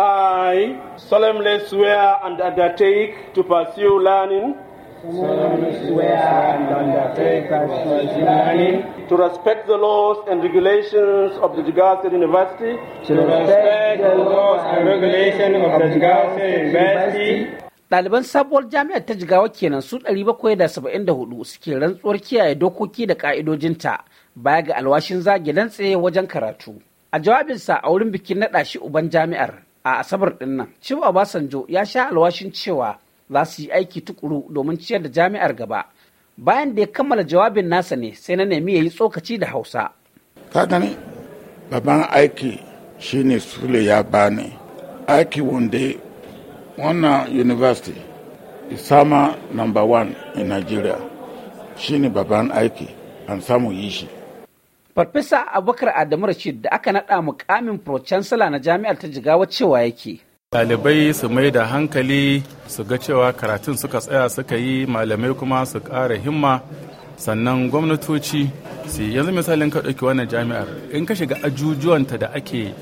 I solemnly swear and undertake to pursue learning. Solemnly swear and undertake to pursue learning. To respect the laws and regulations of the Jigawa State University. To respect the laws and regulations of the Jigawa State University. Ɗaliban sabuwar jami'ar ta jigawa kenan su 774 suke rantsuwar kiyaye dokoki da ƙa'idojinta baya ga alwashin zage dantse wajen karatu. A jawabinsa a wurin bikin naɗa shi uban jami'ar, a asabar din nan cewa obasanjo ya sha alwashin cewa za su yi aiki tukuru domin ciyar da jami'ar gaba bayan da ya kammala jawabin nasa ne sai na nemi ya yi tsokaci da hausa ka gani babban aiki shine sule ya bani aiki wanda wannan university isama number one in nigeria shine babban aiki an samu yi shi Farfesa Abubakar Adamu Rashid da aka naɗa mukamin pro na jami'ar ta Jigawa cewa yake. Ɗalibai su mai da hankali su ga cewa karatun suka tsaya suka yi malamai kuma su ƙara himma sannan gwamnatoci su yanzu misalin ka ɗauki wannan jami'ar in ka shiga ajujuwanta da ake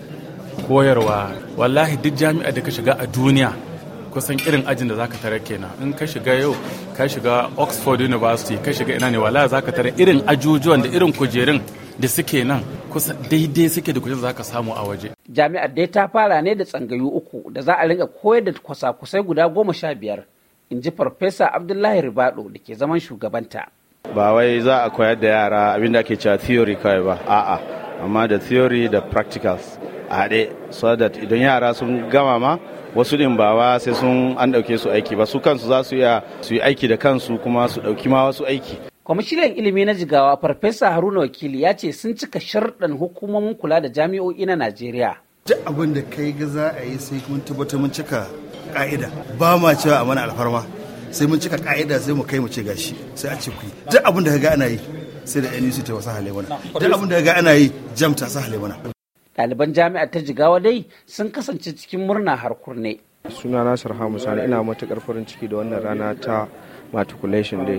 koyarwa wallahi duk jami'ar da ka shiga a duniya kusan irin ajin da zaka tare kenan in ka shiga yau ka shiga oxford university ka shiga ina ne wala zaka tare irin ajujuwan da irin kujerun da suke nan kusa daidai suke da kuɗin za ka samu a waje. Jami'ar dai ta fara ne da tsangayu uku da za a ringa koyar da kwasa-kwasai guda goma sha biyar in ji Farfesa Abdullahi ribaɗo da ke zaman shugabanta. Ba wai za a koyar da yara abin da ake cewa theory kawai ba, a'a, amma da theory da practicals a haɗe, so that idan yara sun gama ma wasu din ba sai sun an ɗauke su aiki ba, su kansu za su iya su yi aiki da kansu kuma su ɗauki ma wasu aiki. Kwamishinan ilimi na jigawa Farfesa Haruna Wakili ya ce sun cika sharɗan hukumomin kula da jami'o'i na Najeriya. Duk abin da kai ga za a yi sai mun tabbatar mun cika ka'ida ba ma cewa a mana alfarma sai mun cika ka'ida sai mu kai mu ce gashi sai a ce ku duk abin da ga ana yi sai da NUC ta wasa hale mana duk abin da ga ana yi jam ta sa hale mana. Ɗaliban jami'ar ta jigawa dai sun kasance cikin murna har kurne. suna sarha hamusani ina matukar farin ciki da wannan rana ta matriculation day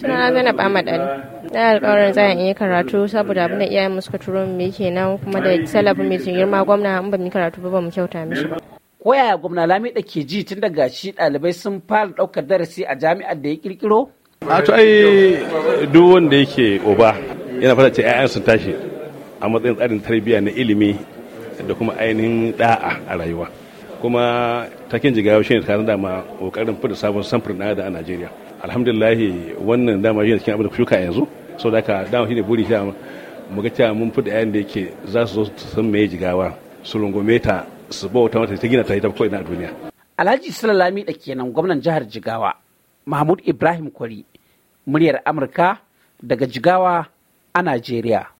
suna zainab ahmad ali na alkawarin zan iya karatu saboda abin da iyayen mu suka turo mu yake nan kuma da salafin mai girma gwamna in ba karatu ba mu kyauta mishi ba koyaya gwamna lami da ke ji tun daga shi dalibai sun fara ɗaukar darasi a jami'ar da ya kirkiro a to ai duk wanda yake oba yana fata ce 'ya'yan sun tashi a matsayin tsarin tarbiyya na ilimi da kuma ainihin da'a a rayuwa kuma takin jigawa shine tare da ma kokarin fita sabon samfur na da a Najeriya alhamdulillah wannan dama shine cikin abin da shuka yanzu so da ka dama shine buri shi mu ga cewa mun fita yayin da yake za su zo su san me jigawa su rungume ta su bauta mata ta gina ta ita ko ina a duniya Alhaji Sulalami da kenan gwamnan jihar Jigawa Mahmud Ibrahim Kwari muryar Amurka daga Jigawa a Najeriya